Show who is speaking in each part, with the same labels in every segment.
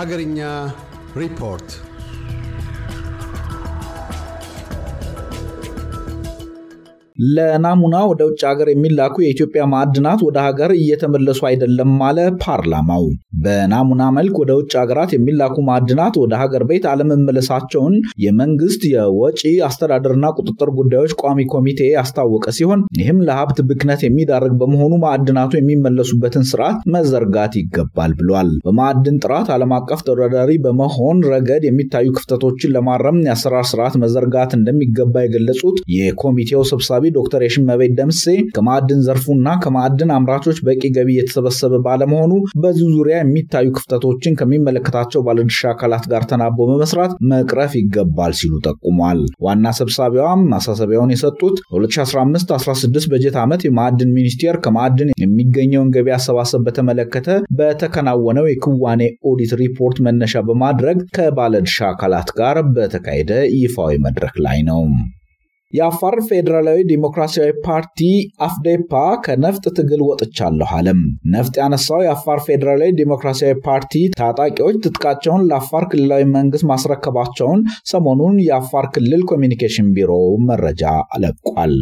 Speaker 1: Hagarinya Report ለናሙና ወደ ውጭ ሀገር የሚላኩ የኢትዮጵያ ማዕድናት ወደ ሀገር እየተመለሱ አይደለም አለ ፓርላማው። በናሙና መልክ ወደ ውጭ ሀገራት የሚላኩ ማዕድናት ወደ ሀገር ቤት አለመመለሳቸውን የመንግስት የወጪ አስተዳደርና ቁጥጥር ጉዳዮች ቋሚ ኮሚቴ ያስታወቀ ሲሆን ይህም ለሀብት ብክነት የሚዳርግ በመሆኑ ማዕድናቱ የሚመለሱበትን ስርዓት መዘርጋት ይገባል ብሏል። በማዕድን ጥራት ዓለም አቀፍ ተወዳዳሪ በመሆን ረገድ የሚታዩ ክፍተቶችን ለማረም የአሰራር ስርዓት መዘርጋት እንደሚገባ የገለጹት የኮሚቴው ሰብሳቢ ዶክተር የሽመቤት ደምሴ ከማዕድን ዘርፉና ከማዕድን አምራቾች በቂ ገቢ እየተሰበሰበ ባለመሆኑ በዚህ ዙሪያ የሚታዩ ክፍተቶችን ከሚመለከታቸው ባለድርሻ አካላት ጋር ተናቦ በመስራት መቅረፍ ይገባል ሲሉ ጠቁሟል። ዋና ሰብሳቢዋም ማሳሰቢያውን የሰጡት 2015/16 በጀት ዓመት የማዕድን ሚኒስቴር ከማዕድን የሚገኘውን ገቢ አሰባሰብ በተመለከተ በተከናወነው የክዋኔ ኦዲት ሪፖርት መነሻ በማድረግ ከባለድርሻ አካላት ጋር በተካሄደ ይፋዊ መድረክ ላይ ነው። የአፋር ፌዴራላዊ ዲሞክራሲያዊ ፓርቲ አፍዴፓ ከነፍጥ ትግል ወጥቻለሁ አለም። ነፍጥ ያነሳው የአፋር ፌዴራላዊ ዲሞክራሲያዊ ፓርቲ ታጣቂዎች ትጥቃቸውን ለአፋር ክልላዊ መንግስት ማስረከባቸውን ሰሞኑን የአፋር ክልል ኮሚኒኬሽን ቢሮ መረጃ አለቋል።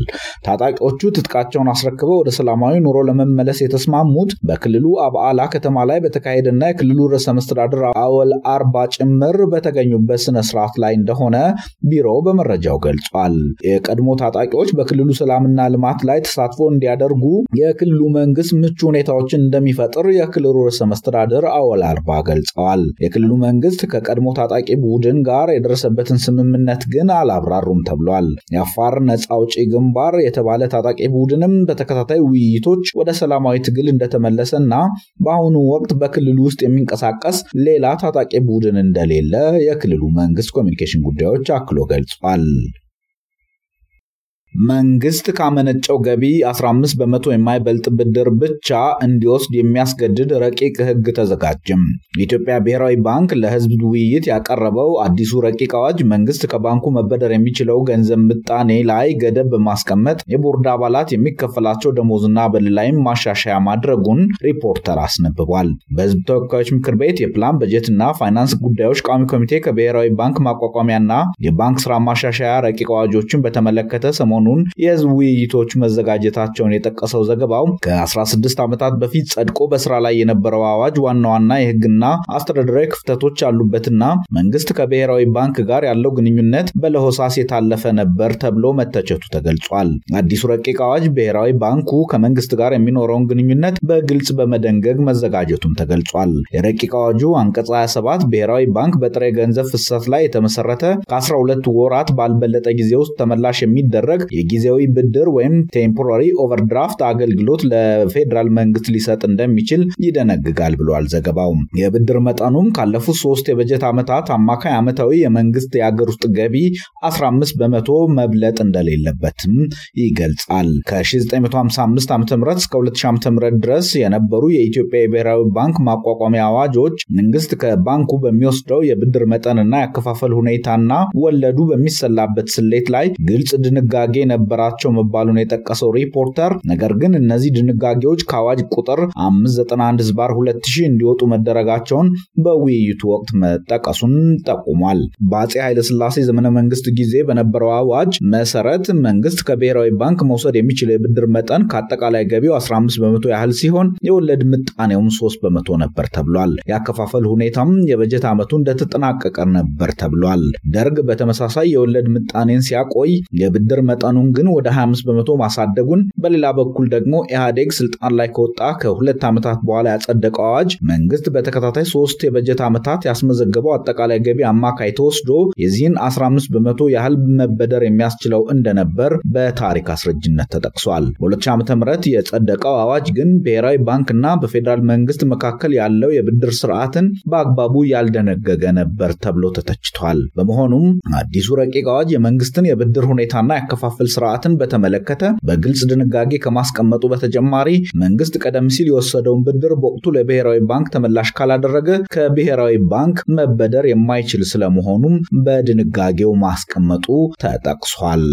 Speaker 1: ታጣቂዎቹ ትጥቃቸውን አስረክበው ወደ ሰላማዊ ኑሮ ለመመለስ የተስማሙት በክልሉ አብዓላ ከተማ ላይ በተካሄደና የክልሉ ርዕሰ መስተዳድር አወል አርባ ጭምር በተገኙበት ስነስርዓት ላይ እንደሆነ ቢሮ በመረጃው ገልጿል። የቀድሞ ታጣቂዎች በክልሉ ሰላምና ልማት ላይ ተሳትፎ እንዲያደርጉ የክልሉ መንግስት ምቹ ሁኔታዎችን እንደሚፈጥር የክልሉ ርዕሰ መስተዳድር አወል አርባ ገልጸዋል። የክልሉ መንግስት ከቀድሞ ታጣቂ ቡድን ጋር የደረሰበትን ስምምነት ግን አላብራሩም ተብሏል። የአፋር ነጻ አውጪ ግንባር የተባለ ታጣቂ ቡድንም በተከታታይ ውይይቶች ወደ ሰላማዊ ትግል እንደተመለሰና በአሁኑ ወቅት በክልሉ ውስጥ የሚንቀሳቀስ ሌላ ታጣቂ ቡድን እንደሌለ የክልሉ መንግስት ኮሚኒኬሽን ጉዳዮች አክሎ ገልጿል። መንግስት ካመነጨው ገቢ 15 በመቶ የማይበልጥ ብድር ብቻ እንዲወስድ የሚያስገድድ ረቂቅ ህግ ተዘጋጀም። የኢትዮጵያ ብሔራዊ ባንክ ለህዝብ ውይይት ያቀረበው አዲሱ ረቂቅ አዋጅ መንግስት ከባንኩ መበደር የሚችለው ገንዘብ ምጣኔ ላይ ገደብ በማስቀመጥ የቦርድ አባላት የሚከፈላቸው ደሞዝና በል ላይም ማሻሻያ ማድረጉን ሪፖርተር አስነብቧል። በህዝብ ተወካዮች ምክር ቤት የፕላን በጀትና ፋይናንስ ጉዳዮች ቋሚ ኮሚቴ ከብሔራዊ ባንክ ማቋቋሚያና የባንክ ስራ ማሻሻያ ረቂቅ አዋጆችን በተመለከተ ሰሞኑ መሆኑን የህዝብ ውይይቶች መዘጋጀታቸውን የጠቀሰው ዘገባው ከ16 ዓመታት በፊት ጸድቆ በስራ ላይ የነበረው አዋጅ ዋና ዋና የህግና አስተዳደራዊ ክፍተቶች ያሉበትና መንግስት ከብሔራዊ ባንክ ጋር ያለው ግንኙነት በለሆሳስ የታለፈ ነበር ተብሎ መተቸቱ ተገልጿል። አዲሱ ረቂቅ አዋጅ ብሔራዊ ባንኩ ከመንግስት ጋር የሚኖረውን ግንኙነት በግልጽ በመደንገግ መዘጋጀቱም ተገልጿል። የረቂቅ አዋጁ አንቀጽ 27 ብሔራዊ ባንክ በጥሬ ገንዘብ ፍሰት ላይ የተመሰረተ ከ12 ወራት ባልበለጠ ጊዜ ውስጥ ተመላሽ የሚደረግ የጊዜያዊ ብድር ወይም ቴምፖራሪ ኦቨርድራፍት አገልግሎት ለፌዴራል መንግስት ሊሰጥ እንደሚችል ይደነግጋል ብሏል ዘገባው። የብድር መጠኑም ካለፉት ሶስት የበጀት ዓመታት አማካይ ዓመታዊ የመንግስት የአገር ውስጥ ገቢ 15 በመቶ መብለጥ እንደሌለበትም ይገልጻል። ከ1955 ዓ ም እስከ 2000 ዓ ም ድረስ የነበሩ የኢትዮጵያ የብሔራዊ ባንክ ማቋቋሚያ አዋጆች መንግስት ከባንኩ በሚወስደው የብድር መጠንና ያከፋፈል ሁኔታና ወለዱ በሚሰላበት ስሌት ላይ ግልጽ ድንጋጌ ድንጋጌ ነበራቸው መባሉን የጠቀሰው ሪፖርተር ነገር ግን እነዚህ ድንጋጌዎች ከአዋጅ ቁጥር 591 ህዝባር 2000 እንዲወጡ መደረጋቸውን በውይይቱ ወቅት መጠቀሱን ጠቁሟል። በአፄ ኃይለስላሴ ዘመነ መንግስት ጊዜ በነበረው አዋጅ መሰረት መንግስት ከብሔራዊ ባንክ መውሰድ የሚችለው የብድር መጠን ከአጠቃላይ ገቢው 15 በመቶ ያህል ሲሆን የወለድ ምጣኔውም 3 በመቶ ነበር ተብሏል። ያከፋፈል ሁኔታም የበጀት ዓመቱ እንደተጠናቀቀ ነበር ተብሏል። ደርግ በተመሳሳይ የወለድ ምጣኔን ሲያቆይ የብድር መጠን መጠኑን ግን ወደ 25 በመቶ ማሳደጉን፣ በሌላ በኩል ደግሞ ኢህአዴግ ስልጣን ላይ ከወጣ ከሁለት ዓመታት በኋላ ያጸደቀው አዋጅ መንግስት በተከታታይ ሶስት የበጀት ዓመታት ያስመዘገበው አጠቃላይ ገቢ አማካይ ተወስዶ የዚህን 15 በመቶ ያህል መበደር የሚያስችለው እንደነበር በታሪክ አስረጅነት ተጠቅሷል። በ2000 ዓ.ም የጸደቀው አዋጅ ግን ብሔራዊ ባንክና በፌዴራል መንግስት መካከል ያለው የብድር ስርዓትን በአግባቡ ያልደነገገ ነበር ተብሎ ተተችቷል። በመሆኑም አዲሱ ረቂቅ አዋጅ የመንግስትን የብድር ሁኔታና ያከፋፈ የማከፋፈል ስርዓትን በተመለከተ በግልጽ ድንጋጌ ከማስቀመጡ በተጨማሪ መንግስት ቀደም ሲል የወሰደውን ብድር በወቅቱ ለብሔራዊ ባንክ ተመላሽ ካላደረገ ከብሔራዊ ባንክ መበደር የማይችል ስለመሆኑም በድንጋጌው ማስቀመጡ ተጠቅሷል።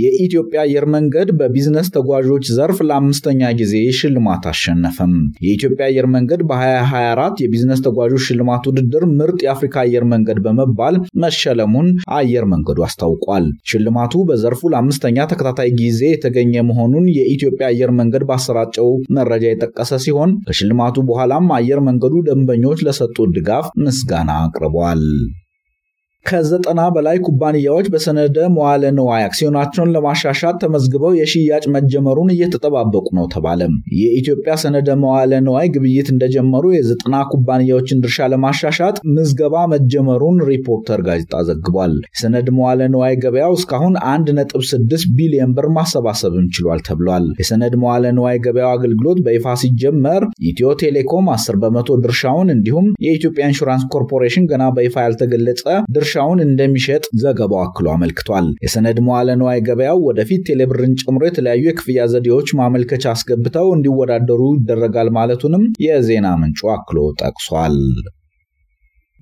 Speaker 1: የኢትዮጵያ አየር መንገድ በቢዝነስ ተጓዦች ዘርፍ ለአምስተኛ ጊዜ ሽልማት አሸነፈም። የኢትዮጵያ አየር መንገድ በ2024 የቢዝነስ ተጓዦች ሽልማት ውድድር ምርጥ የአፍሪካ አየር መንገድ በመባል መሸለሙን አየር መንገዱ አስታውቋል። ሽልማቱ በዘርፉ ለአምስተኛ ተከታታይ ጊዜ የተገኘ መሆኑን የኢትዮጵያ አየር መንገድ ባሰራጨው መረጃ የጠቀሰ ሲሆን ከሽልማቱ በኋላም አየር መንገዱ ደንበኞች ለሰጡት ድጋፍ ምስጋና አቅርቧል። ከዘጠና በላይ ኩባንያዎች በሰነደ መዋለ ንዋይ አክሲዮናቸውን ለማሻሻት ተመዝግበው የሽያጭ መጀመሩን እየተጠባበቁ ነው ተባለ። የኢትዮጵያ ሰነደ መዋለ ንዋይ ግብይት እንደጀመሩ የዘጠና ኩባንያዎችን ድርሻ ለማሻሻጥ ምዝገባ መጀመሩን ሪፖርተር ጋዜጣ ዘግቧል። የሰነድ መዋለ ንዋይ ገበያው እስካሁን 1.6 ቢሊዮን ብር ማሰባሰብም ችሏል ተብሏል። የሰነድ መዋለ ንዋይ ገበያው አገልግሎት በይፋ ሲጀመር ኢትዮ ቴሌኮም 10 በመቶ ድርሻውን እንዲሁም የኢትዮጵያ ኢንሹራንስ ኮርፖሬሽን ገና በይፋ ያልተገለጸ ድርሻ ድርሻውን እንደሚሸጥ ዘገባው አክሎ አመልክቷል። የሰነድ መዋለ ንዋይ ገበያው ወደፊት ቴሌብርን ጨምሮ የተለያዩ የክፍያ ዘዴዎች ማመልከቻ አስገብተው እንዲወዳደሩ ይደረጋል ማለቱንም የዜና ምንጩ አክሎ ጠቅሷል።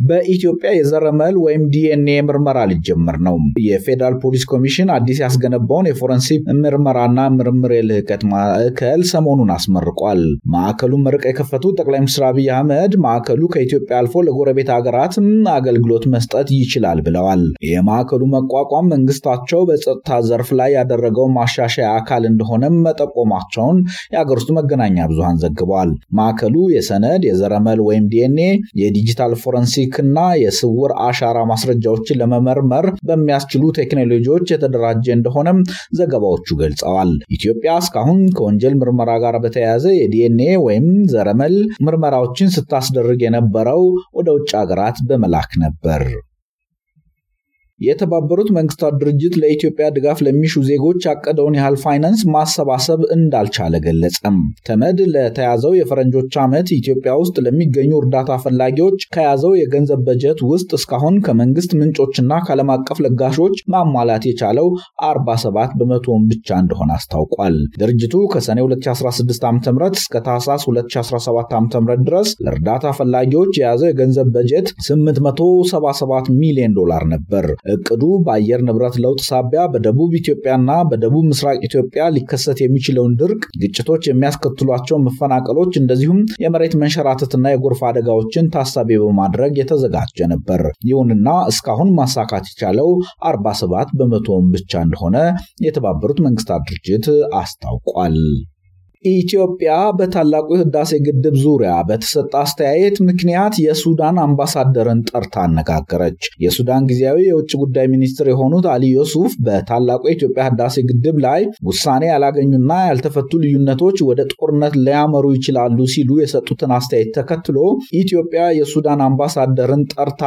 Speaker 1: በኢትዮጵያ የዘረ መል ወይም ዲኤንኤ ምርመራ ሊጀመር ነው። የፌዴራል ፖሊስ ኮሚሽን አዲስ ያስገነባውን የፎረንሲክ ምርመራና ምርምር የልህቀት ማዕከል ሰሞኑን አስመርቋል። ማዕከሉን መርቀው የከፈቱት ጠቅላይ ሚኒስትር አብይ አህመድ ማዕከሉ ከኢትዮጵያ አልፎ ለጎረቤት ሀገራት አገልግሎት መስጠት ይችላል ብለዋል። የማዕከሉ መቋቋም መንግስታቸው በጸጥታ ዘርፍ ላይ ያደረገው ማሻሻያ አካል እንደሆነም መጠቆማቸውን የአገር ውስጥ መገናኛ ብዙሃን ዘግበዋል። ማዕከሉ የሰነድ የዘረመል ወይም ዲኤንኤ የዲጂታል ፎረንሲክ የኦፕቲክና የስውር አሻራ ማስረጃዎችን ለመመርመር በሚያስችሉ ቴክኖሎጂዎች የተደራጀ እንደሆነም ዘገባዎቹ ገልጸዋል። ኢትዮጵያ እስካሁን ከወንጀል ምርመራ ጋር በተያያዘ የዲኤንኤ ወይም ዘረመል ምርመራዎችን ስታስደርግ የነበረው ወደ ውጭ ሀገራት በመላክ ነበር። የተባበሩት መንግስታት ድርጅት ለኢትዮጵያ ድጋፍ ለሚሹ ዜጎች ያቀደውን ያህል ፋይናንስ ማሰባሰብ እንዳልቻለ ገለጸም። ተመድ ለተያዘው የፈረንጆች ዓመት ኢትዮጵያ ውስጥ ለሚገኙ እርዳታ ፈላጊዎች ከያዘው የገንዘብ በጀት ውስጥ እስካሁን ከመንግስት ምንጮችና ከዓለም አቀፍ ለጋሾች ማሟላት የቻለው 47 በመቶውን ብቻ እንደሆነ አስታውቋል። ድርጅቱ ከሰኔ 2016 ዓ.ም እስከ ታህሳስ 2017 ዓ.ም ድረስ ለእርዳታ ፈላጊዎች የያዘው የገንዘብ በጀት 877 ሚሊዮን ዶላር ነበር። እቅዱ በአየር ንብረት ለውጥ ሳቢያ በደቡብ ኢትዮጵያና በደቡብ ምስራቅ ኢትዮጵያ ሊከሰት የሚችለውን ድርቅ፣ ግጭቶች የሚያስከትሏቸው መፈናቀሎች፣ እንደዚሁም የመሬት መንሸራተትና የጎርፍ አደጋዎችን ታሳቢ በማድረግ የተዘጋጀ ነበር። ይሁንና እስካሁን ማሳካት የቻለው 47 በመቶውን ብቻ እንደሆነ የተባበሩት መንግስታት ድርጅት አስታውቋል። ኢትዮጵያ በታላቁ የህዳሴ ግድብ ዙሪያ በተሰጠ አስተያየት ምክንያት የሱዳን አምባሳደርን ጠርታ አነጋገረች። የሱዳን ጊዜያዊ የውጭ ጉዳይ ሚኒስትር የሆኑት አሊ ዮሱፍ በታላቁ የኢትዮጵያ ህዳሴ ግድብ ላይ ውሳኔ ያላገኙና ያልተፈቱ ልዩነቶች ወደ ጦርነት ሊያመሩ ይችላሉ ሲሉ የሰጡትን አስተያየት ተከትሎ ኢትዮጵያ የሱዳን አምባሳደርን ጠርታ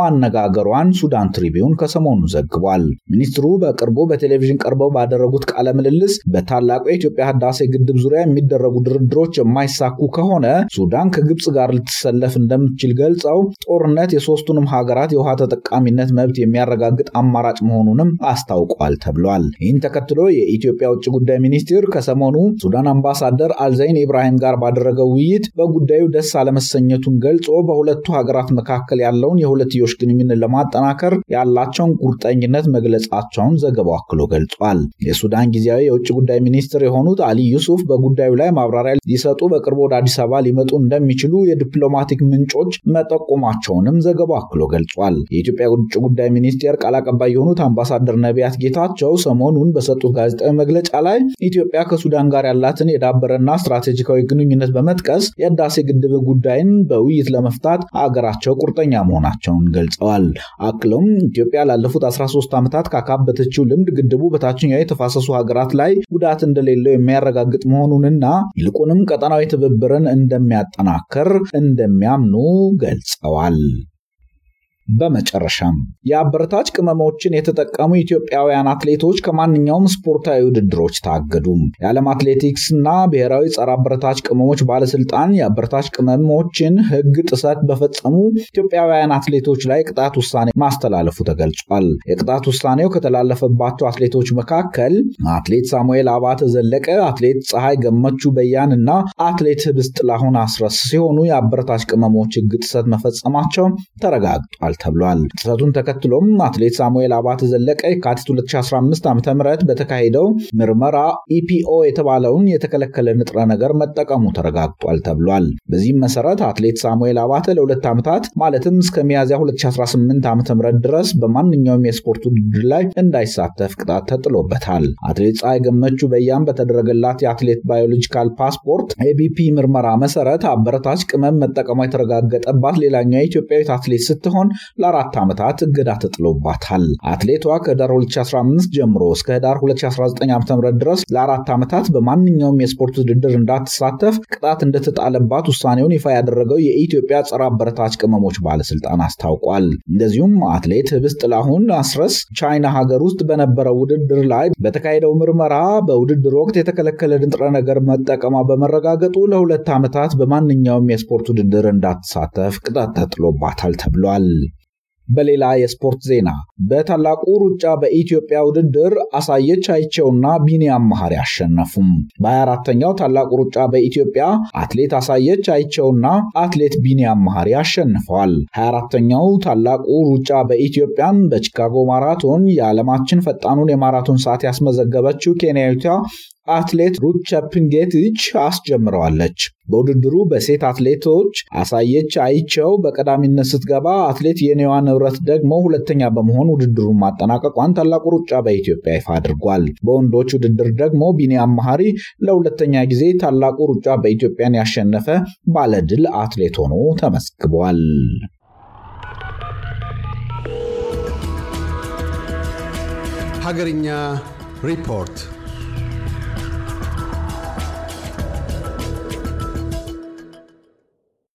Speaker 1: ማነጋገሯን ሱዳን ትሪቢዩን ከሰሞኑ ዘግቧል። ሚኒስትሩ በቅርቡ በቴሌቪዥን ቀርበው ባደረጉት ቃለ ምልልስ በታላቁ የኢትዮጵያ ህዳሴ ግድብ ዙሪያ የሚደረጉ ድርድሮች የማይሳኩ ከሆነ ሱዳን ከግብፅ ጋር ልትሰለፍ እንደምትችል ገልጸው ጦርነት የሶስቱንም ሀገራት የውሃ ተጠቃሚነት መብት የሚያረጋግጥ አማራጭ መሆኑንም አስታውቋል ተብሏል። ይህን ተከትሎ የኢትዮጵያ ውጭ ጉዳይ ሚኒስትር ከሰሞኑ ሱዳን አምባሳደር አልዘይን ኢብራሂም ጋር ባደረገው ውይይት በጉዳዩ ደስ አለመሰኘቱን ገልጾ በሁለቱ ሀገራት መካከል ያለውን የሁለትዮሽ ግንኙነት ለማጠናከር ያላቸውን ቁርጠኝነት መግለጻቸውን ዘገባው አክሎ ገልጿል። የሱዳን ጊዜያዊ የውጭ ጉዳይ ሚኒስትር የሆኑት አሊ ዩሱፍ በ በጉዳዩ ላይ ማብራሪያ ሊሰጡ በቅርቡ ወደ አዲስ አበባ ሊመጡ እንደሚችሉ የዲፕሎማቲክ ምንጮች መጠቆማቸውንም ዘገባው አክሎ ገልጿል። የኢትዮጵያ ውጭ ጉዳይ ሚኒስቴር ቃል አቀባይ የሆኑት አምባሳደር ነቢያት ጌታቸው ሰሞኑን በሰጡት ጋዜጣዊ መግለጫ ላይ ኢትዮጵያ ከሱዳን ጋር ያላትን የዳበረና ስትራቴጂካዊ ግንኙነት በመጥቀስ የህዳሴ ግድብ ጉዳይን በውይይት ለመፍታት አገራቸው ቁርጠኛ መሆናቸውን ገልጸዋል። አክለውም ኢትዮጵያ ላለፉት 13 ዓመታት ካካበተችው ልምድ ግድቡ በታችኛው የተፋሰሱ ሀገራት ላይ ጉዳት እንደሌለው የሚያረጋግጥ መሆኑ መሆኑንና ይልቁንም ቀጠናዊ ትብብርን እንደሚያጠናክር እንደሚያምኑ ገልጸዋል። በመጨረሻም የአበረታች ቅመሞችን የተጠቀሙ ኢትዮጵያውያን አትሌቶች ከማንኛውም ስፖርታዊ ውድድሮች ታገዱ። የዓለም አትሌቲክስና ብሔራዊ ጸረ አበረታች ቅመሞች ባለስልጣን የአበረታች ቅመሞችን ሕግ ጥሰት በፈጸሙ ኢትዮጵያውያን አትሌቶች ላይ ቅጣት ውሳኔ ማስተላለፉ ተገልጿል። የቅጣት ውሳኔው ከተላለፈባቸው አትሌቶች መካከል አትሌት ሳሙኤል አባተ ዘለቀ፣ አትሌት ፀሐይ ገመቹ በያን እና አትሌት ህብስት ጥላሁን አስረስ ሲሆኑ የአበረታች ቅመሞች ሕግ ጥሰት መፈጸማቸው ተረጋግጧል። ተብሏል። ጥሰቱን ተከትሎም አትሌት ሳሙኤል አባተ ዘለቀ የካቲት 2015 ዓ ም በተካሄደው ምርመራ ኢፒኦ የተባለውን የተከለከለ ንጥረ ነገር መጠቀሙ ተረጋግጧል ተብሏል። በዚህም መሰረት አትሌት ሳሙኤል አባተ ለሁለት ዓመታት ማለትም እስከ ሚያዝያ 2018 ዓ ም ድረስ በማንኛውም የስፖርት ውድድር ላይ እንዳይሳተፍ ቅጣት ተጥሎበታል። አትሌት ፀሐይ ገመቹ በያም በተደረገላት የአትሌት ባዮሎጂካል ፓስፖርት ኤቢፒ ምርመራ መሰረት አበረታች ቅመም መጠቀሟ የተረጋገጠባት ሌላኛዋ ኢትዮጵያዊት አትሌት ስትሆን ለአራት ዓመታት እገዳ ተጥሎባታል። አትሌቷ ከህዳር 2015 ጀምሮ እስከ ህዳር 2019 ዓ ም ድረስ ለአራት ዓመታት በማንኛውም የስፖርት ውድድር እንዳትሳተፍ ቅጣት እንደተጣለባት ውሳኔውን ይፋ ያደረገው የኢትዮጵያ ጸረ አበረታች ቅመሞች ባለስልጣን አስታውቋል። እንደዚሁም አትሌት ህብስት ጥላሁን አስረስ ቻይና ሀገር ውስጥ በነበረው ውድድር ላይ በተካሄደው ምርመራ በውድድር ወቅት የተከለከለ ንጥረ ነገር መጠቀሟ በመረጋገጡ ለሁለት ዓመታት በማንኛውም የስፖርት ውድድር እንዳትሳተፍ ቅጣት ተጥሎባታል ተብሏል። በሌላ የስፖርት ዜና በታላቁ ሩጫ በኢትዮጵያ ውድድር አሳየች አይቸውና ቢኒያም መሐሪ አሸነፉም። በ24ተኛው ታላቁ ሩጫ በኢትዮጵያ አትሌት አሳየች አይቸውና አትሌት ቢኒያም መሐሪ አሸንፈዋል። 24ተኛው ታላቁ ሩጫ በኢትዮጵያን በቺካጎ ማራቶን የዓለማችን ፈጣኑን የማራቶን ሰዓት ያስመዘገበችው ኬንያዊቷ አትሌት ሩት ቸፕንጌቲች አስጀምረዋለች። በውድድሩ በሴት አትሌቶች አሳየች አይቸው በቀዳሚነት ስትገባ፣ አትሌት የኔዋ ንብረት ደግሞ ሁለተኛ በመሆን ውድድሩን ማጠናቀቋን ታላቁ ሩጫ በኢትዮጵያ ይፋ አድርጓል። በወንዶች ውድድር ደግሞ ቢኒያም መሐሪ ለሁለተኛ ጊዜ ታላቁ ሩጫ በኢትዮጵያን ያሸነፈ ባለድል አትሌት ሆኖ ተመስግቧል። ሀገርኛ ሪፖርት